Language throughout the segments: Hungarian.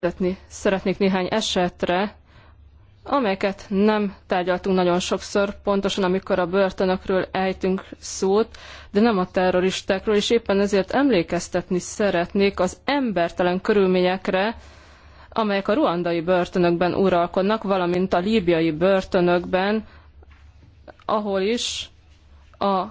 Szeretni, szeretnék néhány esetre, amelyeket nem tárgyaltunk nagyon sokszor, pontosan amikor a börtönökről ejtünk szót, de nem a terroristákról, és éppen ezért emlékeztetni szeretnék az embertelen körülményekre, amelyek a ruandai börtönökben uralkodnak, valamint a líbiai börtönökben, ahol is a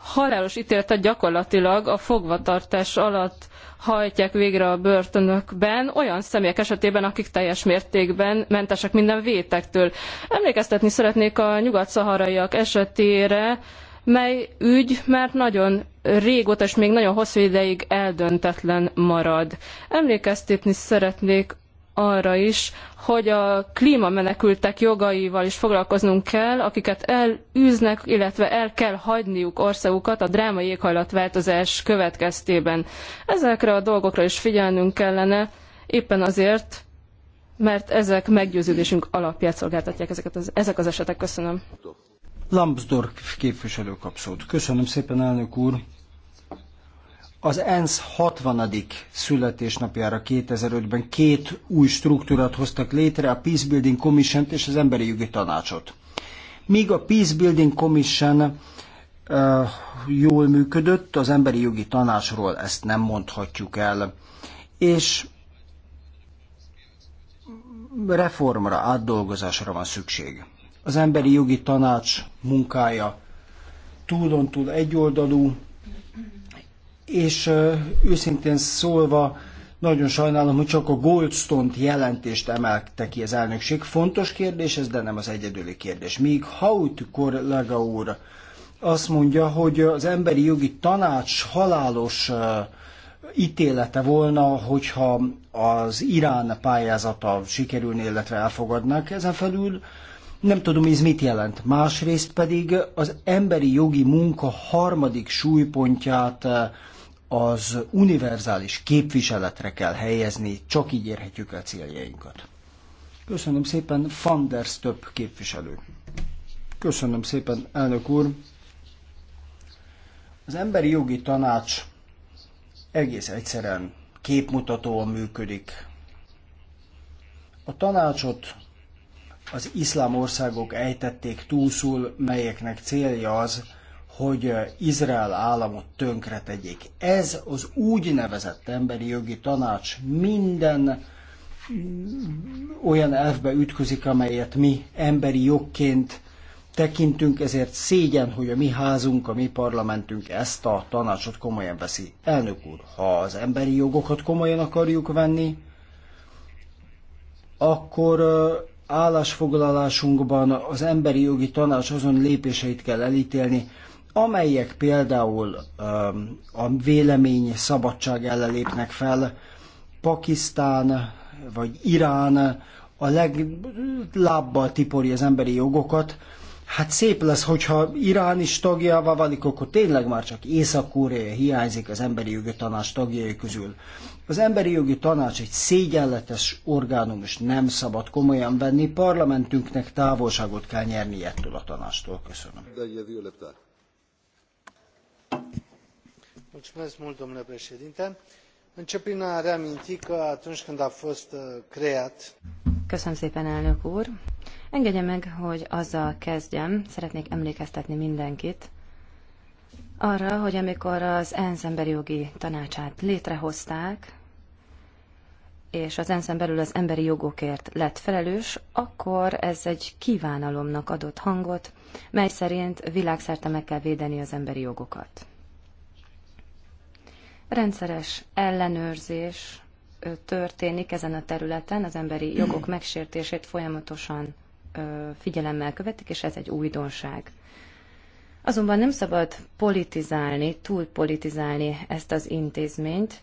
halálos ítéletet gyakorlatilag a fogvatartás alatt hajtják végre a börtönökben olyan személyek esetében, akik teljes mértékben mentesek minden vétektől. Emlékeztetni szeretnék a nyugat-szaharaiak esetére, mely ügy már nagyon régóta és még nagyon hosszú ideig eldöntetlen marad. Emlékeztetni szeretnék arra is, hogy a klímamenekültek jogaival is foglalkoznunk kell, akiket elűznek, illetve el kell hagyniuk országukat a drámai éghajlatváltozás következtében. Ezekre a dolgokra is figyelnünk kellene, éppen azért, mert ezek meggyőződésünk alapját szolgáltatják ezeket az, ezek az esetek. Köszönöm. Lambsdorff képviselő kapszót. Köszönöm szépen, elnök úr az ENSZ 60. születésnapjára 2005-ben két új struktúrát hoztak létre, a Peace Building commission és az Emberi Jogi Tanácsot. Míg a Peace Building Commission uh, jól működött, az Emberi Jogi Tanácsról ezt nem mondhatjuk el. És reformra, átdolgozásra van szükség. Az Emberi Jogi Tanács munkája túlontúl egyoldalú, és őszintén szólva nagyon sajnálom, hogy csak a Goldstone-t jelentést emelte ki az elnökség. Fontos kérdés ez, de nem az egyedüli kérdés. Míg Haut kollega úr azt mondja, hogy az emberi jogi tanács halálos ítélete volna, hogyha az Irán pályázata sikerülne, illetve elfogadnák ezen felül. Nem tudom, ez mit jelent. Másrészt pedig az emberi jogi munka harmadik súlypontját uh, az univerzális képviseletre kell helyezni, csak így érhetjük el céljainkat. Köszönöm szépen, Fanders több képviselő. Köszönöm szépen, elnök úr. Az emberi jogi tanács egész egyszerűen képmutatóan működik. A tanácsot az iszlám országok ejtették túlszul, melyeknek célja az, hogy eh, Izrael államot tönkretegyék. Ez az úgynevezett emberi jogi tanács minden mm, olyan elfbe ütközik, amelyet mi emberi jogként tekintünk, ezért szégyen, hogy a mi házunk, a mi parlamentünk ezt a tanácsot komolyan veszi. Elnök úr, ha az emberi jogokat komolyan akarjuk venni, akkor eh, állásfoglalásunkban az emberi jogi tanács azon lépéseit kell elítélni, amelyek például a vélemény szabadság ellen lépnek fel, Pakisztán vagy Irán a leglábbal tipori az emberi jogokat, Hát szép lesz, hogyha Irán is tagjává válik, akkor tényleg már csak Észak-Korea hiányzik az emberi jogi tanács tagjai közül. Az emberi jogi tanács egy szégyenletes orgánum, és nem szabad komolyan venni, parlamentünknek távolságot kell nyerni ettől a tanástól. Köszönöm încep prin a reaminti că atunci când a fost uh, creat Köszönöm szépen, elnök úr. Engedje meg, hogy azzal kezdjem. Szeretnék emlékeztetni mindenkit arra, hogy amikor az ENSZ emberi jogi tanácsát létrehozták, és az ensz belül az emberi jogokért lett felelős, akkor ez egy kívánalomnak adott hangot, mely szerint világszerte meg kell védeni az emberi jogokat. Rendszeres ellenőrzés történik ezen a területen, az emberi jogok megsértését folyamatosan figyelemmel követik, és ez egy újdonság. Azonban nem szabad politizálni, túl politizálni ezt az intézményt,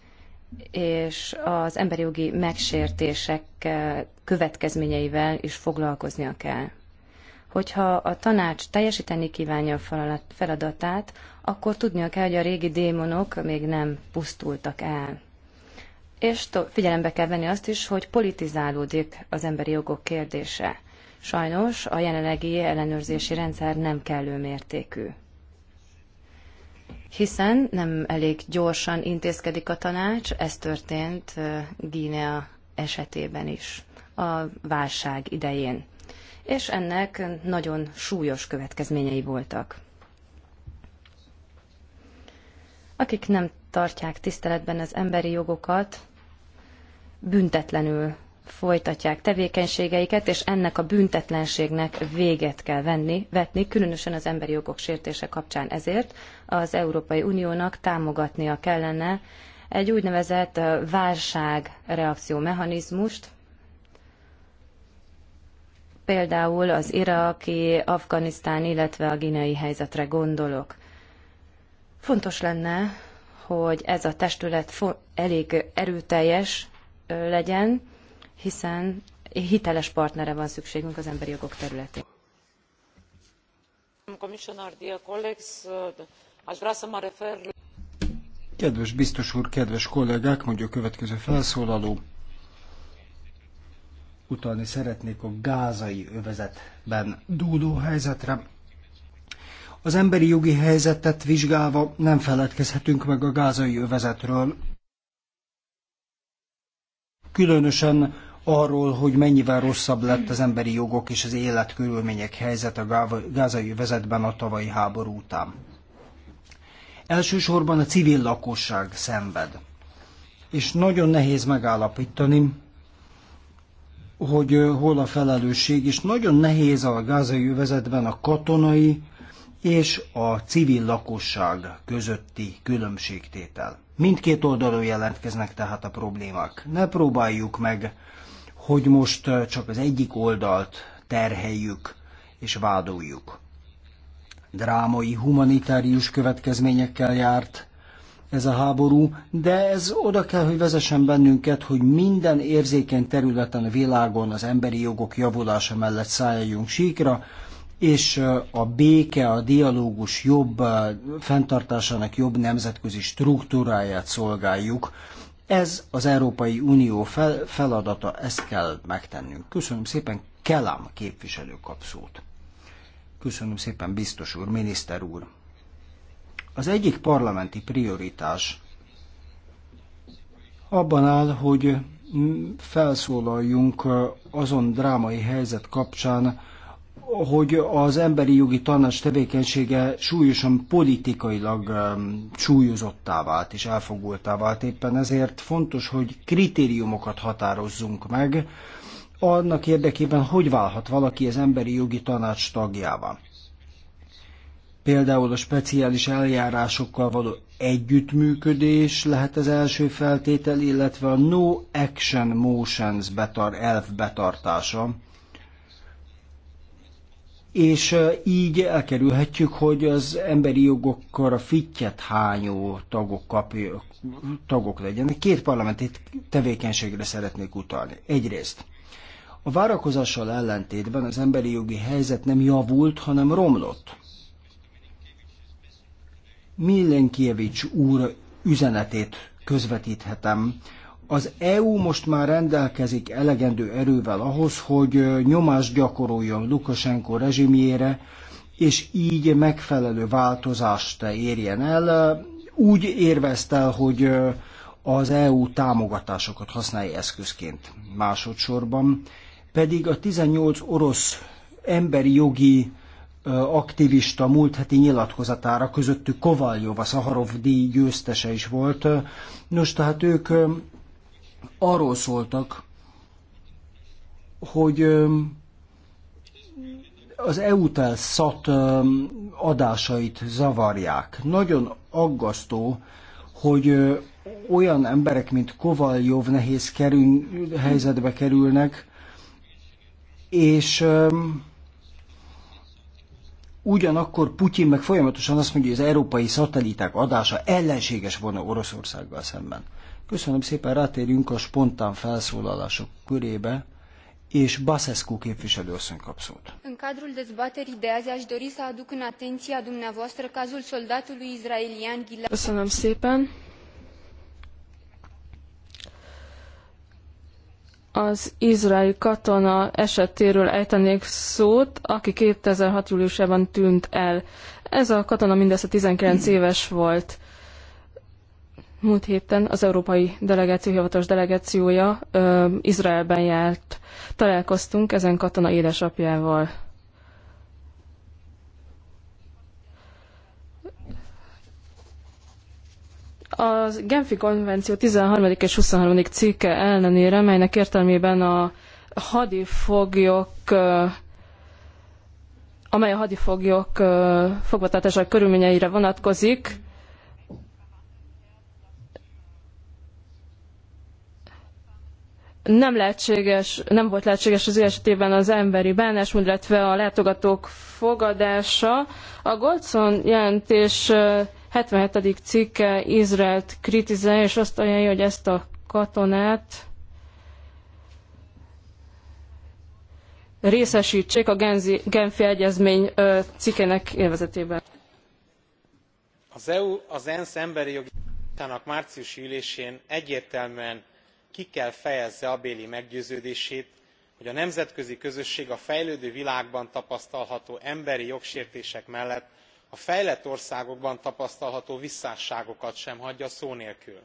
és az emberi jogi megsértések eh, következményeivel is foglalkoznia kell. Hogyha a tanács teljesíteni kívánja a feladatát, akkor tudnia kell, hogy a régi démonok még nem pusztultak el. És figyelembe kell venni azt is, hogy politizálódik az emberi jogok kérdése. Sajnos a jelenlegi ellenőrzési rendszer nem kellő mértékű hiszen nem elég gyorsan intézkedik a tanács, ez történt Gínea esetében is, a válság idején. És ennek nagyon súlyos következményei voltak. Akik nem tartják tiszteletben az emberi jogokat, büntetlenül folytatják tevékenységeiket, és ennek a büntetlenségnek véget kell venni, vetni, különösen az emberi jogok sértése kapcsán. Ezért az Európai Uniónak támogatnia kellene egy úgynevezett válságreakció mechanizmust, például az iraki, afganisztán, illetve a ginei helyzetre gondolok. Fontos lenne, hogy ez a testület elég erőteljes legyen, hiszen hiteles partnere van szükségünk az emberi jogok területén. Uh, kedves biztos úr, kedves kollégák, mondja a következő felszólaló. Utalni szeretnék a gázai övezetben dúló helyzetre. Az emberi jogi helyzetet vizsgálva nem feledkezhetünk meg a gázai övezetről. Különösen arról, hogy mennyivel rosszabb lett az emberi jogok és az életkörülmények helyzete a gázai vezetben a tavalyi háború után. Elsősorban a civil lakosság szenved, és nagyon nehéz megállapítani, hogy hol a felelősség, és nagyon nehéz a gázai övezetben a katonai és a civil lakosság közötti különbségtétel. Mindkét oldalról jelentkeznek tehát a problémák. Ne próbáljuk meg hogy most csak az egyik oldalt terheljük és vádoljuk. Drámai humanitárius következményekkel járt ez a háború, de ez oda kell, hogy vezessen bennünket, hogy minden érzékeny területen a világon az emberi jogok javulása mellett szálljunk síkra, és a béke, a dialógus jobb fenntartásának jobb nemzetközi struktúráját szolgáljuk, ez az Európai Unió fel, feladata, ezt kell megtennünk. Köszönöm szépen, Kelám képviselő kapszót. Köszönöm szépen, biztos úr, miniszter úr. Az egyik parlamenti prioritás abban áll, hogy felszólaljunk azon drámai helyzet kapcsán, hogy az emberi jogi tanács tevékenysége súlyosan politikailag um, súlyozottá vált és elfogultá vált. Éppen ezért fontos, hogy kritériumokat határozzunk meg, annak érdekében, hogy válhat valaki az emberi jogi tanács tagjává. Például a speciális eljárásokkal való együttműködés lehet az első feltétel, illetve a no action motions betar, elf betartása és így elkerülhetjük, hogy az emberi jogokkal a fittyet hányó tagok, kapja, tagok legyenek. Két parlamenti tevékenységre szeretnék utalni. Egyrészt a várakozással ellentétben az emberi jogi helyzet nem javult, hanem romlott. Millenkievics úr üzenetét közvetíthetem, az EU most már rendelkezik elegendő erővel ahhoz, hogy nyomást gyakoroljon Lukasenko rezsimjére, és így megfelelő változást érjen el. Úgy érveztel, hogy az EU támogatásokat használja eszközként másodszorban, pedig a 18 orosz emberi jogi aktivista múlt heti nyilatkozatára, közöttük Kovaljov, a Szaharov díj győztese is volt. Nos, tehát ők arról szóltak, hogy az EUTEL SZAT adásait zavarják. Nagyon aggasztó, hogy olyan emberek, mint Kovaljov nehéz kerül, helyzetbe kerülnek, és ugyanakkor Putyin meg folyamatosan azt mondja, hogy az európai szatelliták adása ellenséges volna Oroszországgal szemben. Köszönöm szépen, rátérjünk a spontán felszólalások körébe, és Basescu képviselőasszony kap szót. În cadrul dezbaterii de azi aș dori să aduc în atenția dumneavoastră cazul soldatului izraelian Gilad. Köszönöm szépen. az izraeli katona esetéről ejtenék szót, aki 2006. júliusában tűnt el. Ez a katona mindössze 19 éves volt. Múlt héten az Európai Delegáció hivatalos delegációja ö, Izraelben járt. Találkoztunk ezen katona édesapjával. A Genfi konvenció 13. és 23. cikke ellenére, melynek értelmében a hadifoglyok amely a hadifoglyok fogvatartása körülményeire vonatkozik, nem lehetséges, nem volt lehetséges az ő esetében az emberi bánásmód, illetve a látogatók fogadása. A Goldson jelentés 77. cikke Izraelt kritizálja, és azt ajánlja, hogy ezt a katonát részesítsék a Genzi, Genfi Egyezmény cikkének élvezetében. Az EU az ENSZ emberi jogi márciusi ülésén egyértelműen ki kell fejezze abéli meggyőződését hogy a nemzetközi közösség a fejlődő világban tapasztalható emberi jogsértések mellett a fejlett országokban tapasztalható visszásságokat sem hagyja szó nélkül.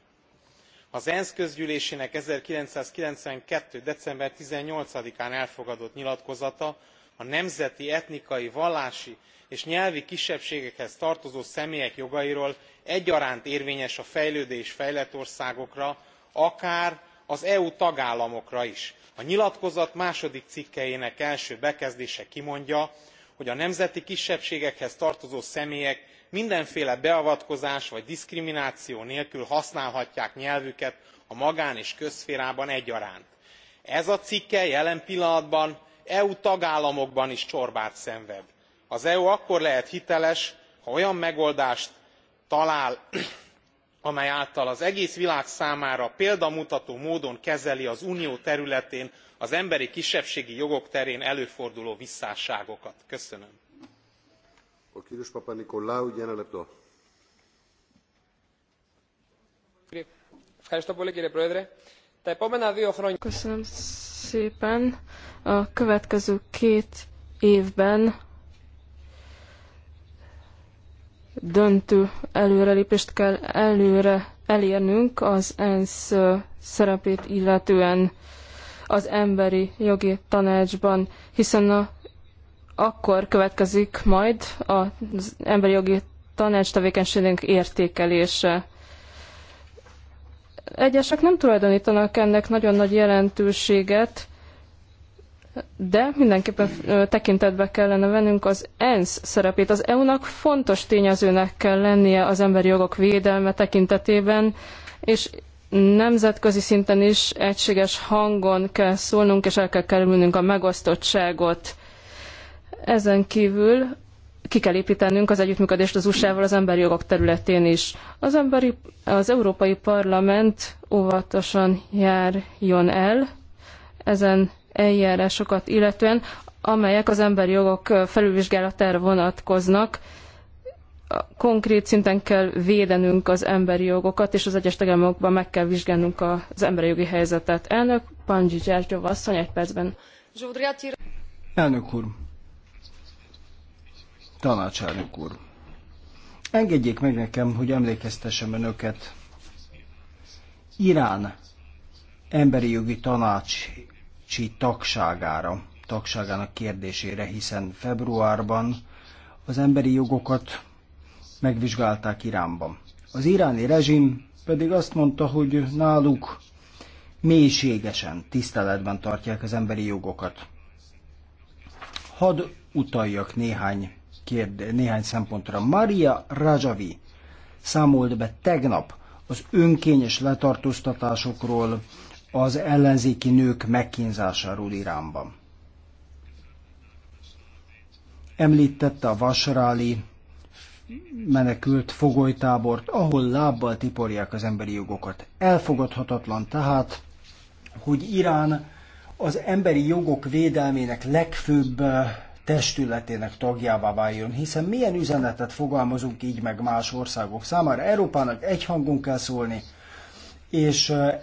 az ensz közgyűlésének one thousand nine hundred and ninety two december eighteen án elfogadott nyilatkozata a nemzeti etnikai vallási és nyelvi kisebbségekhez tartozó személyek jogairól egyaránt érvényes a fejlődő és fejlett országokra akár az eu tagállamokra is. a nyilatkozat második cikkelyének első bekezdése kimondja hogy a nemzeti kisebbségekhez tartozó személyek mindenféle beavatkozás vagy diszkrimináció nélkül használhatják nyelvüket a magán és közszférában egyaránt. ez a cikkely jelen pillanatban eu tagállamokban is csorbát szenved. az eu akkor lehet hiteles ha olyan megoldást talál amely által az egész világ számára példamutató módon kezeli az unió területén az emberi kisebbségi jogok terén előforduló visszásságokat. köszönöm. Köszönöm szépen. a következő két évben döntő előrelépést kell előre elérnünk az ENSZ szerepét illetően az emberi jogi tanácsban, hiszen a, akkor következik majd az emberi jogi tanács tevékenységünk értékelése. Egyesek nem tulajdonítanak ennek nagyon nagy jelentőséget, de mindenképpen tekintetbe kellene vennünk az ENSZ szerepét. Az EU-nak fontos tényezőnek kell lennie az emberi jogok védelme tekintetében, és nemzetközi szinten is egységes hangon kell szólnunk, és el kell kerülnünk a megosztottságot. Ezen kívül ki kell építenünk az együttműködést az USA-val az emberi jogok területén is. Az, emberi, az Európai Parlament óvatosan járjon el ezen eljárásokat illetően, amelyek az emberi jogok felülvizsgálatára vonatkoznak. Konkrét szinten kell védenünk az emberi jogokat, és az egyes tagállamokban meg kell vizsgálnunk az emberi jogi helyzetet. Elnök Pandzsi Gyergyov asszony egy percben. Elnök úr, tanácselnök úr, engedjék meg nekem, hogy emlékeztessem önöket Irán emberi jogi tanács tanácsi tagságára, tagságának kérdésére, hiszen februárban az emberi jogokat megvizsgálták Iránban. Az iráni rezsim pedig azt mondta, hogy náluk mélységesen tiszteletben tartják az emberi jogokat. Hadd utaljak néhány, kérde, néhány szempontra. Maria Rajavi számolt be tegnap az önkényes letartóztatásokról, az ellenzéki nők megkínzásáról Iránban. Említette a Vasráli menekült fogolytábort, ahol lábbal tiporják az emberi jogokat. Elfogadhatatlan tehát, hogy Irán az emberi jogok védelmének legfőbb eh, testületének tagjává váljon, hiszen milyen üzenetet fogalmazunk így meg más országok számára. Európának egy hangon kell szólni, és eh,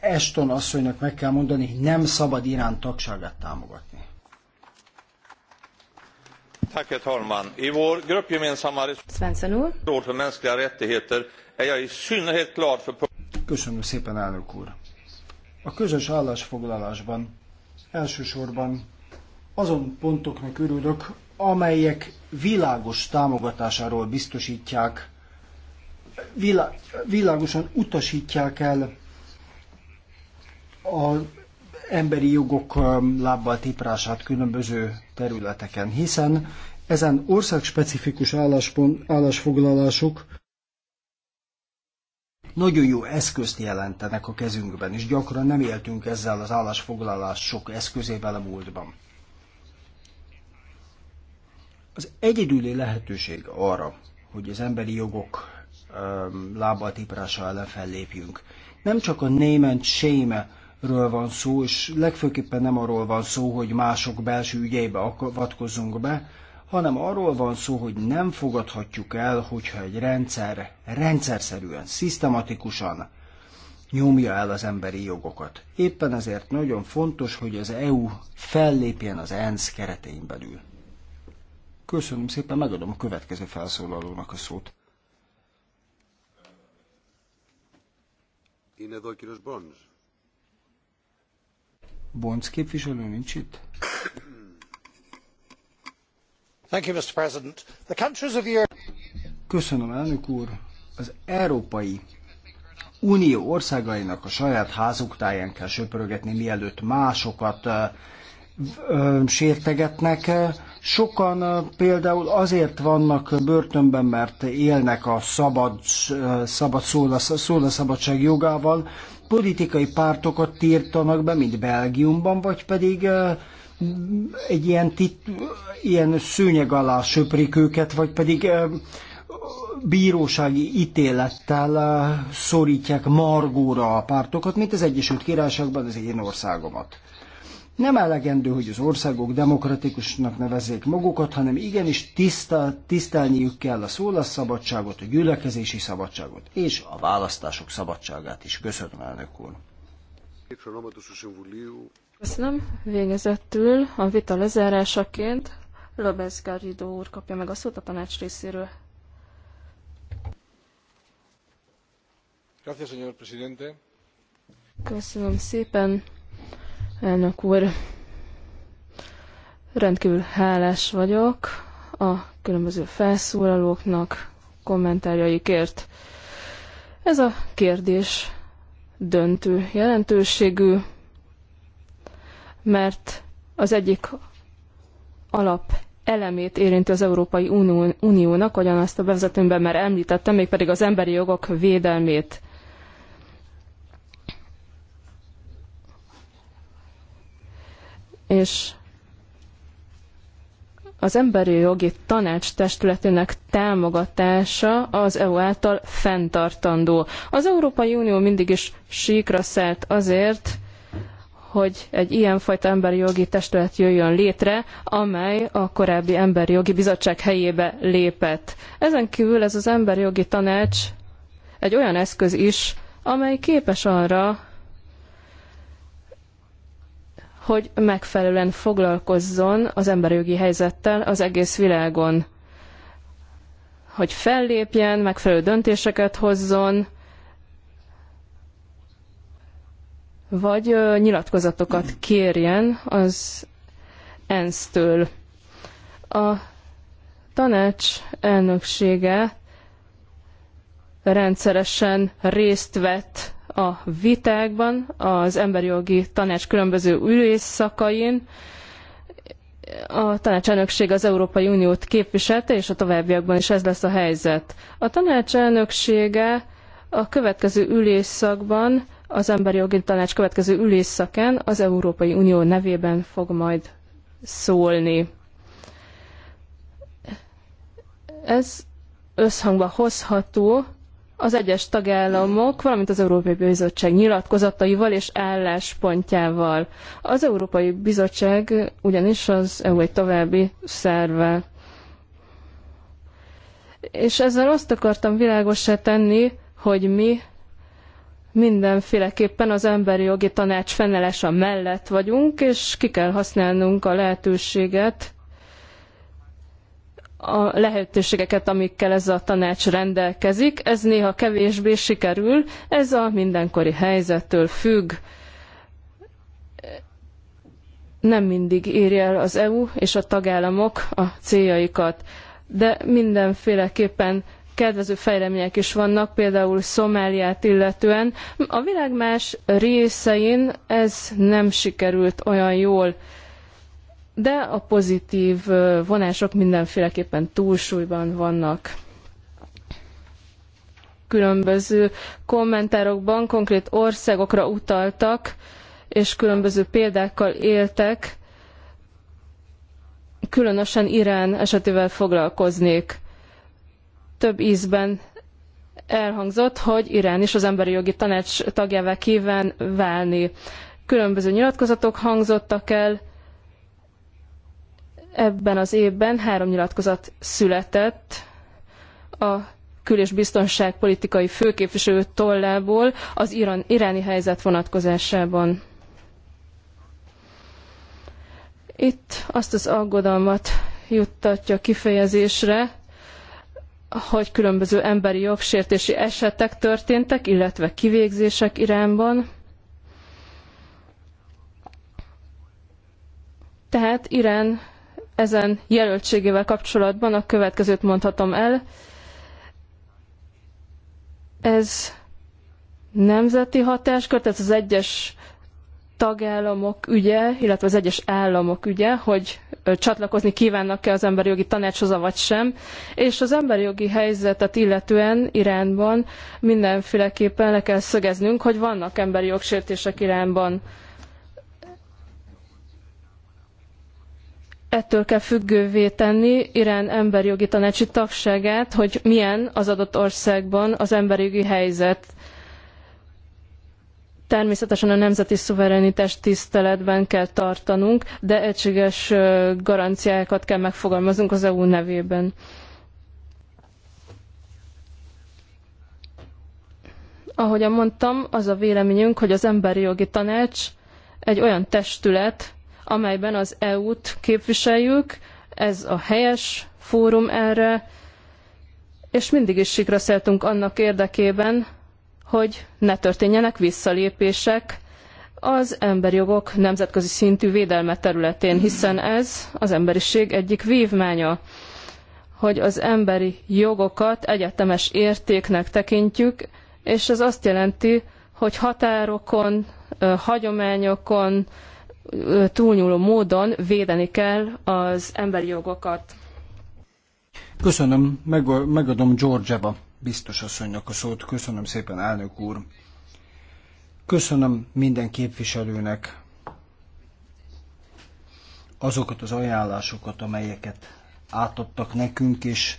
Eston asszonynak meg kell mondani, hogy nem szabad Irán tagságát támogatni. Tack, herr talman. I vår gruppgemensamma resolution för mänskliga rättigheter är jag i synnerhet glad för... Köszönöm szépen, elnök úr. A közös állásfoglalásban elsősorban azon pontoknak örülök, amelyek világos támogatásáról biztosítják, vilá, világosan utasítják el az emberi jogok um, lábbal tiprását különböző területeken, hiszen ezen országspecifikus álláspont, állásfoglalások nagyon jó eszközt jelentenek a kezünkben, és gyakran nem éltünk ezzel az állásfoglalás sok eszközével a múltban. Az egyedüli lehetőség arra, hogy az emberi jogok um, lábbal tiprása ellen fellépjünk, nem csak a name and shame ről van szó, és legfőképpen nem arról van szó, hogy mások belső ügyeibe avatkozunk be, hanem arról van szó, hogy nem fogadhatjuk el, hogyha egy rendszer rendszerszerűen, szisztematikusan nyomja el az emberi jogokat. Éppen ezért nagyon fontos, hogy az EU fellépjen az ENSZ keretein belül. Köszönöm szépen, megadom a következő felszólalónak a szót. Ine εδώ ο Köszönöm, elnök úr. Az Európai Unió országainak a saját házuk táján kell söprögetni, mielőtt másokat sértegetnek. Sokan például azért vannak börtönben, mert élnek a szabad, szabad szabadság jogával, politikai pártokat tiltanak be, mint Belgiumban, vagy pedig egy ilyen, tit, ilyen szőnyeg alá söprik őket, vagy pedig bírósági ítélettel szorítják margóra a pártokat, mint az Egyesült Királyságban, az én országomat. Nem elegendő, hogy az országok demokratikusnak nevezzék magukat, hanem igenis tisztel, tisztelniük kell a szólásszabadságot, a gyülekezési szabadságot és a választások szabadságát is. Köszönöm, elnök úr! Köszönöm. Végezettül a vita lezárásaként López Garrido úr kapja meg a szót a tanács részéről. Köszönöm szépen, elnök úr. Rendkívül hálás vagyok a különböző felszólalóknak, kommentárjaikért. Ez a kérdés döntő jelentőségű, mert az egyik alap elemét érinti az Európai Unió, Uniónak, ahogyan azt a bevezetőmben már említettem, mégpedig az emberi jogok védelmét. és az emberi jogi tanács testületének támogatása az EU által fenntartandó. Az Európai Unió mindig is síkra szelt azért, hogy egy ilyenfajta emberi jogi testület jöjjön létre, amely a korábbi emberi jogi bizottság helyébe lépett. Ezen kívül ez az emberi jogi tanács egy olyan eszköz is, amely képes arra, hogy megfelelően foglalkozzon az emberi jogi helyzettel az egész világon. Hogy fellépjen, megfelelő döntéseket hozzon, vagy nyilatkozatokat kérjen az ENSZ-től. A tanács elnöksége rendszeresen részt vett a vitákban, az emberi jogi tanács különböző ülésszakain, a tanácselnökség az Európai Uniót képviselte, és a továbbiakban is ez lesz a helyzet. A tanácselnöksége a következő ülésszakban, az Emberi Jogi Tanács következő ülésszakán az Európai Unió nevében fog majd szólni. Ez összhangba hozható az egyes tagállamok, valamint az Európai Bizottság nyilatkozataival és álláspontjával. Az Európai Bizottság ugyanis az EU egy további szerve. És ezzel azt akartam világossá tenni, hogy mi mindenféleképpen az emberi jogi tanács fennállása mellett vagyunk, és ki kell használnunk a lehetőséget, a lehetőségeket, amikkel ez a tanács rendelkezik. Ez néha kevésbé sikerül, ez a mindenkori helyzettől függ. Nem mindig éri el az EU és a tagállamok a céljaikat, de mindenféleképpen kedvező fejlemények is vannak, például Szomáliát illetően. A világ más részein ez nem sikerült olyan jól de a pozitív vonások mindenféleképpen túlsúlyban vannak. Különböző kommentárokban konkrét országokra utaltak, és különböző példákkal éltek, különösen Irán esetével foglalkoznék. Több ízben elhangzott, hogy Irán is az emberi jogi tanács tagjává kíván válni. Különböző nyilatkozatok hangzottak el, Ebben az évben három nyilatkozat született a kül- és biztonságpolitikai főképviselő tollából az irán, iráni helyzet vonatkozásában. Itt azt az aggodalmat juttatja kifejezésre, hogy különböző emberi jogsértési esetek történtek, illetve kivégzések Iránban. Tehát Irán ezen jelöltségével kapcsolatban a következőt mondhatom el. Ez nemzeti hatáskör, tehát az egyes tagállamok ügye, illetve az egyes államok ügye, hogy csatlakozni kívánnak-e az emberi jogi tanácshoz, vagy sem. És az emberi jogi helyzetet illetően Iránban mindenféleképpen le kell szögeznünk, hogy vannak emberi jogsértések Iránban. ettől kell függővé tenni Irán emberi jogi tanácsi tagságát, hogy milyen az adott országban az emberi jogi helyzet. Természetesen a nemzeti szuverenitást tiszteletben kell tartanunk, de egységes garanciákat kell megfogalmaznunk az EU nevében. Ahogyan mondtam, az a véleményünk, hogy az emberi jogi tanács egy olyan testület, amelyben az EU-t képviseljük, ez a helyes fórum erre, és mindig is sikra szeltünk annak érdekében, hogy ne történjenek visszalépések az emberi jogok nemzetközi szintű védelme területén, hiszen ez az emberiség egyik vívmánya, hogy az emberi jogokat egyetemes értéknek tekintjük, és ez azt jelenti, hogy határokon, hagyományokon, túlnyúló módon védeni kell az emberi jogokat. Köszönöm, meg, megadom biztos asszonynak a szót. Köszönöm szépen, elnök úr. Köszönöm minden képviselőnek azokat az ajánlásokat, amelyeket átadtak nekünk, és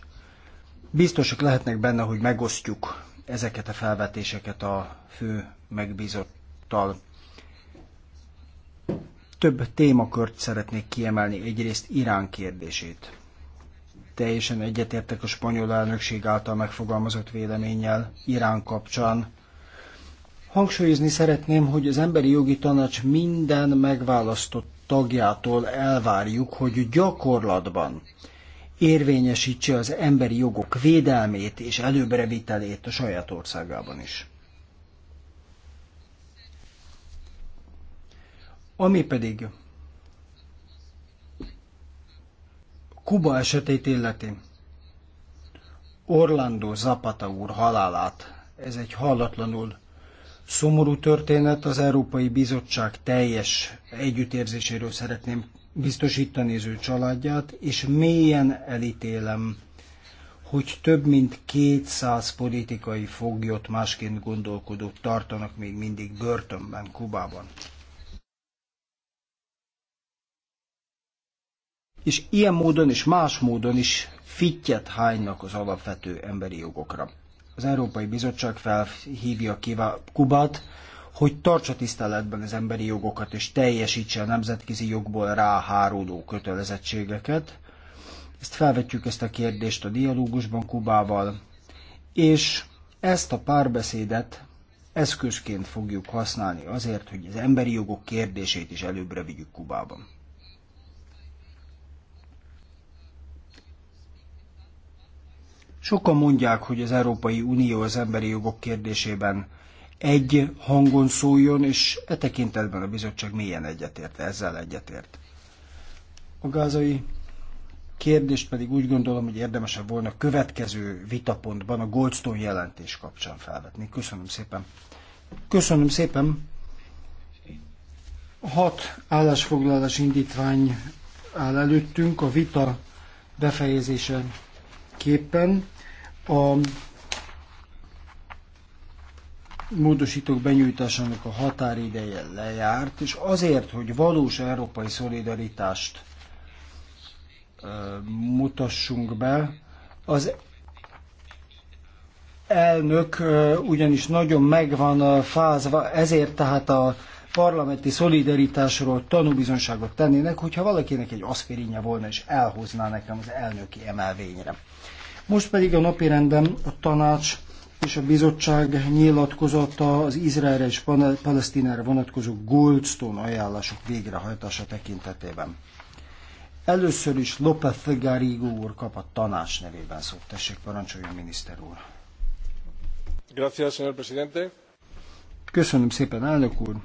biztosak lehetnek benne, hogy megosztjuk ezeket a felvetéseket a fő megbízottal több témakört szeretnék kiemelni, egyrészt Irán kérdését. Teljesen egyetértek a spanyol elnökség által megfogalmazott véleménnyel Irán kapcsán. Hangsúlyozni szeretném, hogy az Emberi Jogi Tanács minden megválasztott tagjától elvárjuk, hogy gyakorlatban érvényesítse az emberi jogok védelmét és előbrevitelét a saját országában is. Ami pedig Kuba esetét illeti, Orlando Zapata úr halálát. Ez egy hallatlanul szomorú történet, az Európai Bizottság teljes együttérzéséről szeretném biztosítani az ő családját, és mélyen elítélem, hogy több mint 200 politikai foglyot másként gondolkodót tartanak még mindig börtönben Kubában. és ilyen módon és más módon is fittyet hánynak az alapvető emberi jogokra. Az Európai Bizottság felhívja kiva Kubát, hogy tartsa tiszteletben az emberi jogokat és teljesítse a nemzetközi jogból ráháruló kötelezettségeket. Ezt felvetjük ezt a kérdést a dialógusban Kubával, és ezt a párbeszédet eszközként fogjuk használni azért, hogy az emberi jogok kérdését is előbbre vigyük Kubában. Sokan mondják, hogy az Európai Unió az emberi jogok kérdésében egy hangon szóljon, és e tekintetben a bizottság mélyen egyetért, ezzel egyetért. A gázai kérdést pedig úgy gondolom, hogy érdemesebb volna következő vitapontban a Goldstone jelentés kapcsán felvetni. Köszönöm szépen. Köszönöm szépen. Hat állásfoglalás indítvány áll előttünk a vita befejezése képpen. A módosítók benyújtásának a határideje lejárt, és azért, hogy valós európai szolidaritást mutassunk be, az elnök ugyanis nagyon megvan fázva, ezért tehát a parlamenti szolidaritásról tanúbizonságot tennének, hogyha valakinek egy aszpirinja volna, és elhozná nekem az elnöki emelvényre. Most pedig a napi rendem a tanács és a bizottság nyilatkozata az Izraelre és Palesztinára vonatkozó Goldstone ajánlások végrehajtása tekintetében. Először is López Garrigo úr kap a tanács nevében szót. Tessék, parancsoljon, miniszter úr. Gracias, señor presidente. Köszönöm szépen, elnök úr.